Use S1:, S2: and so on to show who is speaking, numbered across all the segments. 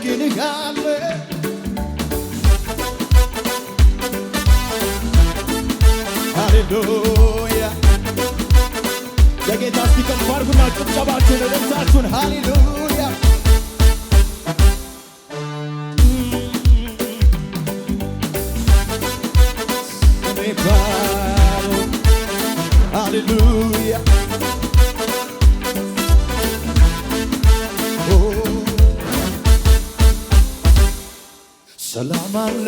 S1: አመሰግንሃለ ሃሌሉያ ለጌታ እስቲ ከፍ አድርጉና ጭብጨባችሁን ደምሳችሁን Hallelujah. ሰላም አለ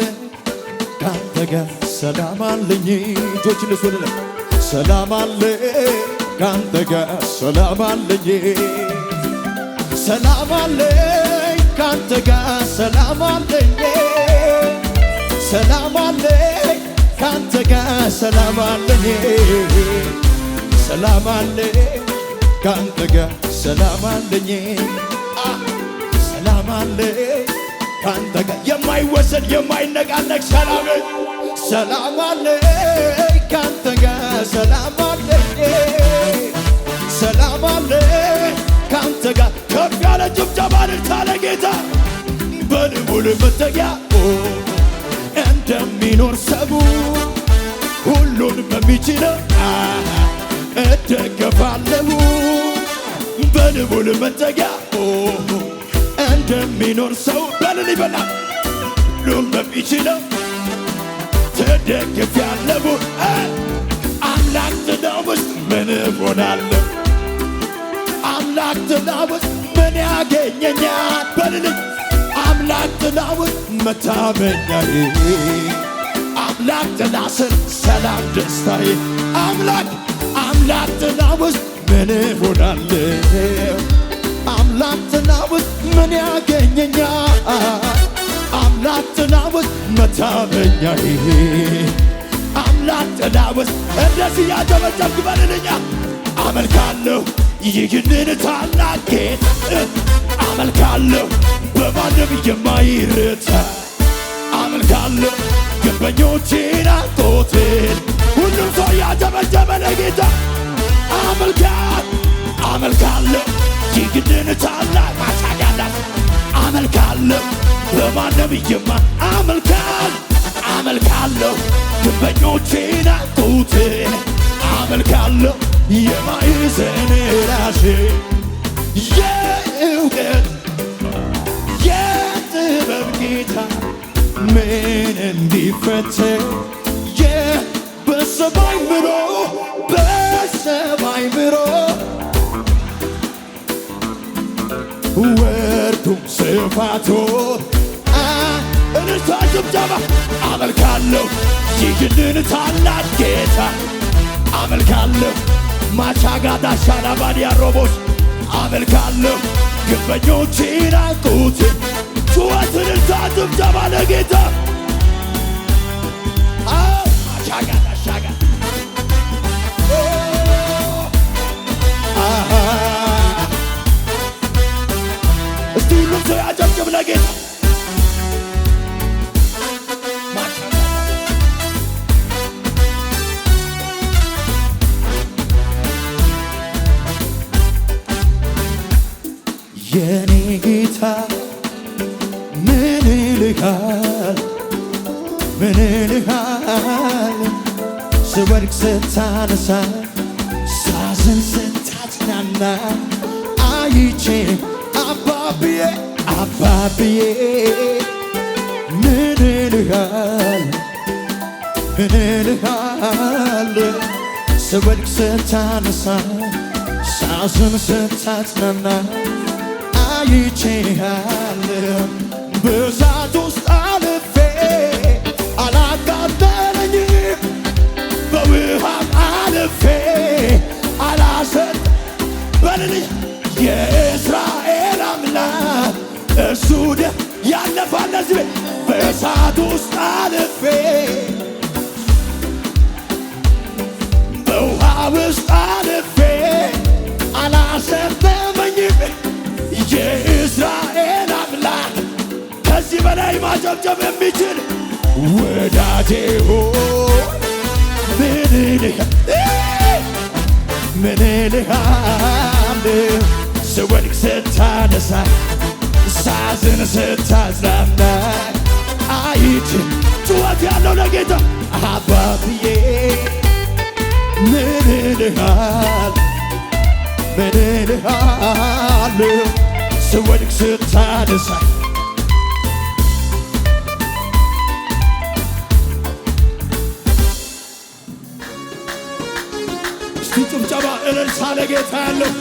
S1: ካንተ ጋር ሰላም አለኝ እጆችን ልስ ወደ ላይ ሰላም አለ ካንተ ጋር ሰላም አለኝ ሰላም አለ ካንተ ጋር ሰላም አለኝ ሰላም አለ ካንተ ጋር ሰላም አለኝ ሰላም አለ ካንተ ጋር ሰላም አለኝ ሰላም አለ ካንተ ጋር የማይወሰድ የማይነቃነቅ ሰላም ሰላም አለ ካንተ ጋር ሰላም አለ ሰላም አለ ካንተ ጋር ከፍ ያለ ጭብጨባ ታለ ጌታ በልቡል መጠጊያ እንደሚኖር ሰቡ ሁሉን በሚችለው እደገፋለሁ በልዑል መጠጊያ እንደሚኖር ሰው በልን ይበላ ሁሉም በሚችለው ተደግፍ ያለቡ አምላክ ትዳር ውስጥ ምን እሆናለሁ? አምላክ ትዳር ውስጥ ምን ያገኘኛል? በልልኝ አምላክ ጥላ ውስጥ መታመኛዬ አምላክ ጥላ ስር ሰላም ደስታዬ አምላክ አምላክ ጥላ ውስጥ ምን እሆናለሁ? አምላክትና ውስጥ ምን ያገኘኛ አምላክትና ውስጥ መታመኛ አምላክትና ውስጥ እንደዚህ ያጨበጨብክ በልልኛ አመልካለሁ ይህንን ታላቅ ጌታ አመልካለሁ በማንም የማይረታ በንቻላ ማሳያላት አመልካለሁ በማን ነብይማ አመልካል አመልካለሁ ግንበኞቼን አጡቴን አመልካለሁ የማይዘን ራሴ የእውቀት የጥበብ ጌታ ምን እንዲፈት በሰማይ ምሮ በሰማይ ምሮ ወርዱም ስፋቱ እንስታ ጭብጨባ አመልካለሁ ይህንን ታላቅ ጌታ አመልካለሁ ማቻጋዳ ሻላባን ያሮቦች አመልካለሁ ግንበኞች ናቁት ጩኸት እንስታ ጭብጨባ ለጌታ የኔ ጌታ ምን ልሃል ምን ልሃል ስወድቅ ስታነሳ ሳዝን ስታጽናና አይቼ አባብዬ አባብዬ ምን ልሃል ምን ልሃል ስወድቅ ስታነሳ ሳዝን ስታጽናና አይቼሃለሁ ብዛት ውስጥ አልፌ አላቃጠለኝም በውሃም አልፌ አላሰጥ በልልኝ የእስራኤል አምላክ እሱ ደ ያለፋል ህዝቤ በእሳት ውስጥ አልፌ በውሃ ውስጥ አልፌ አላሰጠመኝም የእስራኤል አምላክ ከዚህ በላይ ማጨብጨብ የሚችል ወዳቴ ሆ ምን ስወድቅ ስታነሳ ሳዝን ስታዝናና አይች ጩኸት ያለው ለጌታ አባትዬ ምን ልሃል ስወድቅ ስታነሳ እስቲ ጭብጨባ እልልታ ለጌታ ያለው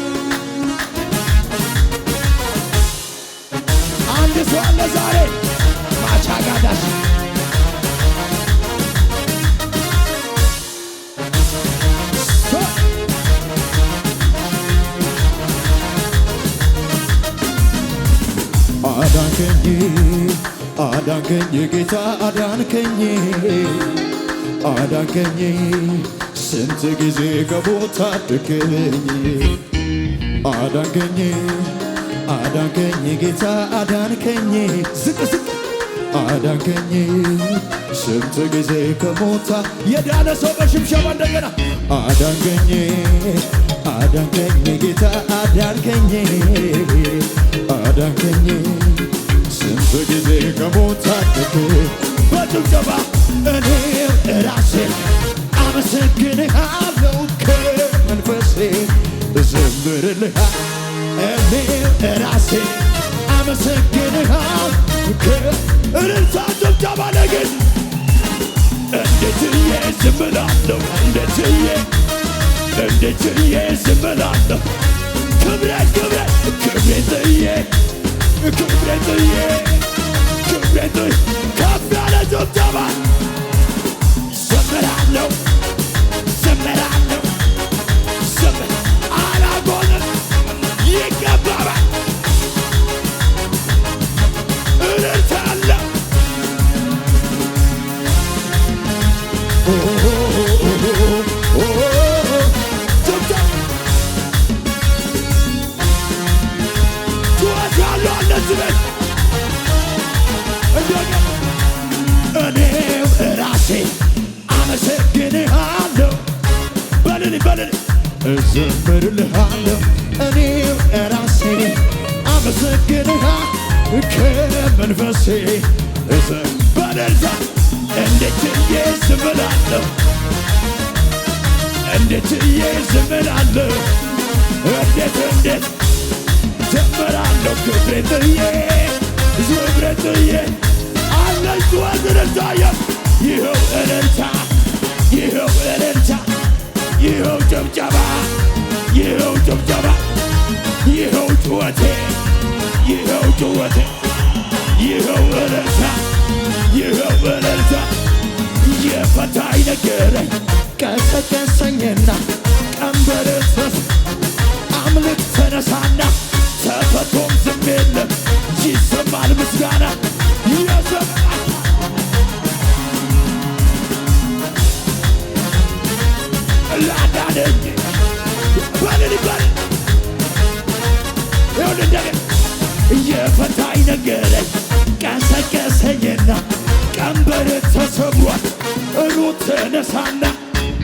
S1: አንድ ሰው አለ ዛሬ ማቻጋዳሽ አዳንከኝ ጌታ አዳንከኝ አዳንከኝ ስንት ጊዜ ከቦታ አድንከኝ አዳንከኝ አዳንከኝ ጌታ አዳንከኝ ዝቅ ዝቅ አዳንከኝ ስንት ጊዜ ከሞት የዳነ ሰው በሽብሸባ እንደገና አዳንከኝ አዳንከኝ ጌታ አዳንከኝ አዳንከኝ ስንት ጊዜ ከሞት አቅብ በጭብጨባ እኔ ራሴ አመሰግንሃለሁ ከመንፈሴ እዘምርልሃ እኔ ራሴ አመሰግንሃል እልልታ ጭብጨባ ለግን እንዴትዬ ዝም እላለሁ እንዴትዬ እንዴትዬ ዝም እላለሁ እኔው ራሴ አመሰግንሃለሁ በልል በልል እዘምርልሃለሁ እኔው ራሴ አመሰግንሃ ከመንፈሴ እዘ እንዴትዬ ዝም እላለሁ እንዴትዬ ዝም እላለሁ እንዴት እንዴት ዘምራለሁ ክብሬ ጥዬ ዝምሬ ጥዬ አለች ወዝርታ beginning ተነሳና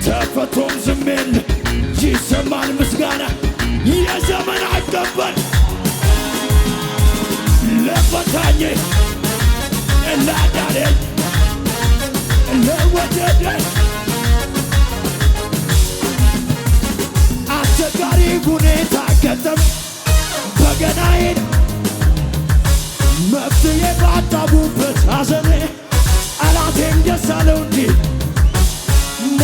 S1: ተፈቶም ዝሜል ይሰማል ምስጋና የዘመን አቀበል ለፈታኝ ላዳነኝ ለወደደኝ አስቸጋሪ ሁኔታ ገጠም በገናዬን መፍትሄ ባጣቡበት አዘኔ አላቴም ደሳለው እንዲህ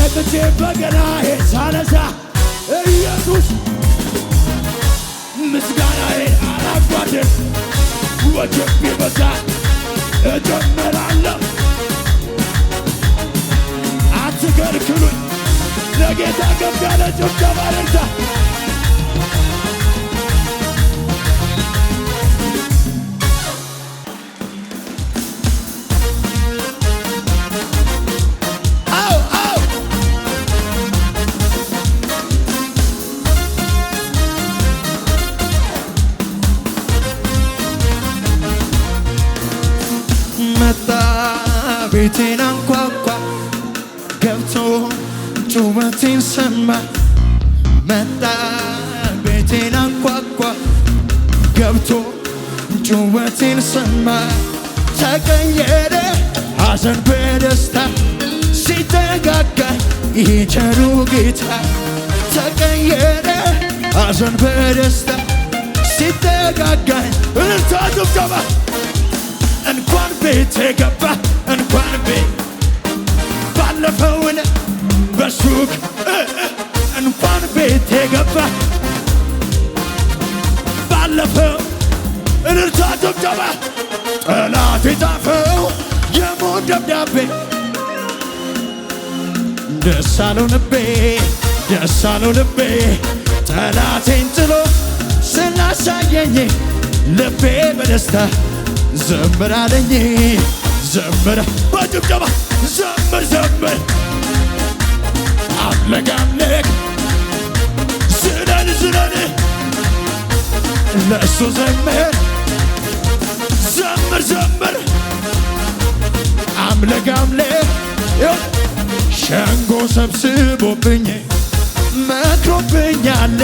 S1: ሰንብቼ በገናዬ ሳነሳ ኢየሱስ ምስጋናዬን አላጓድል ወጀብ ቢበዛ እጀምራለሁ አትከልክሉኝ ለጌታ ከፍ ያለ ጭብጨባ ቤቴን አንኳኳ ገብቶ ጩኸቴን ሰማ መጣ ቤቴን አንኳኳ ገብቶ ጩኸቴን ሰማ ተቀየረ ሐዘን በደስታ ሲተጋጋ ይሄ ቸሩ ጌታ ተቀየረ ሐዘን በደስታ ሲተጋጋ እልልታ ጭብጨባ እንኳን ቤት የገባ እንኳን ቤት ባለፈውን በሱቅ እንኳን ቤት የገባ ባለፈው እልልታ ጭብጨባ ጠላት የጻፈው የሞት ደብዳቤ ደስ አለው ልቤ ደስ አለው ልቤ ጠላቴን ጥሎ ስላሳየኝ ልቤ በደስታ ዘምር አለኝ ዘምር በጭብጨባ ዘምር ዘምር አምልክ አምልክ ዝለል ዝለል ለእሱ ዘምር ዘምር ዘምር አምልክ አምልክ ሸንጎ ሰብስቦብኝ መክሮብኛል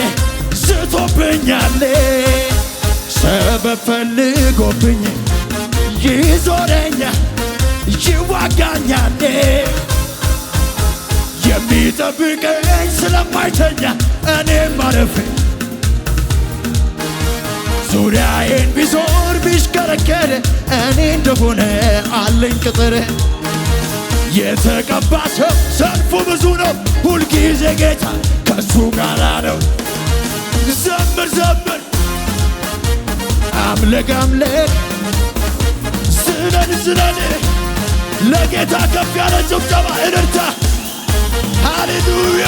S1: ስቶብኛል ሰበብ ፈልጎብኝ ይዋጋኛል የሚጠብቀኝ ስለማይተኛ እኔም ማረፍ ዙሪያዬን ቢዞር ቢሽከረከር እኔ እንደሆነ አለኝ ቅጥር የተቀባ ሰው ሰልፉ ብዙ ነው። ሁልጊዜ ጌታ ከሱ ጋራ ነው። ዘምር ዘምር አምለክ አምለክ ዝለን ዝለን ለጌታ ከፍ ያለ ጭብጨባ እንርታ። ሃሌሉያ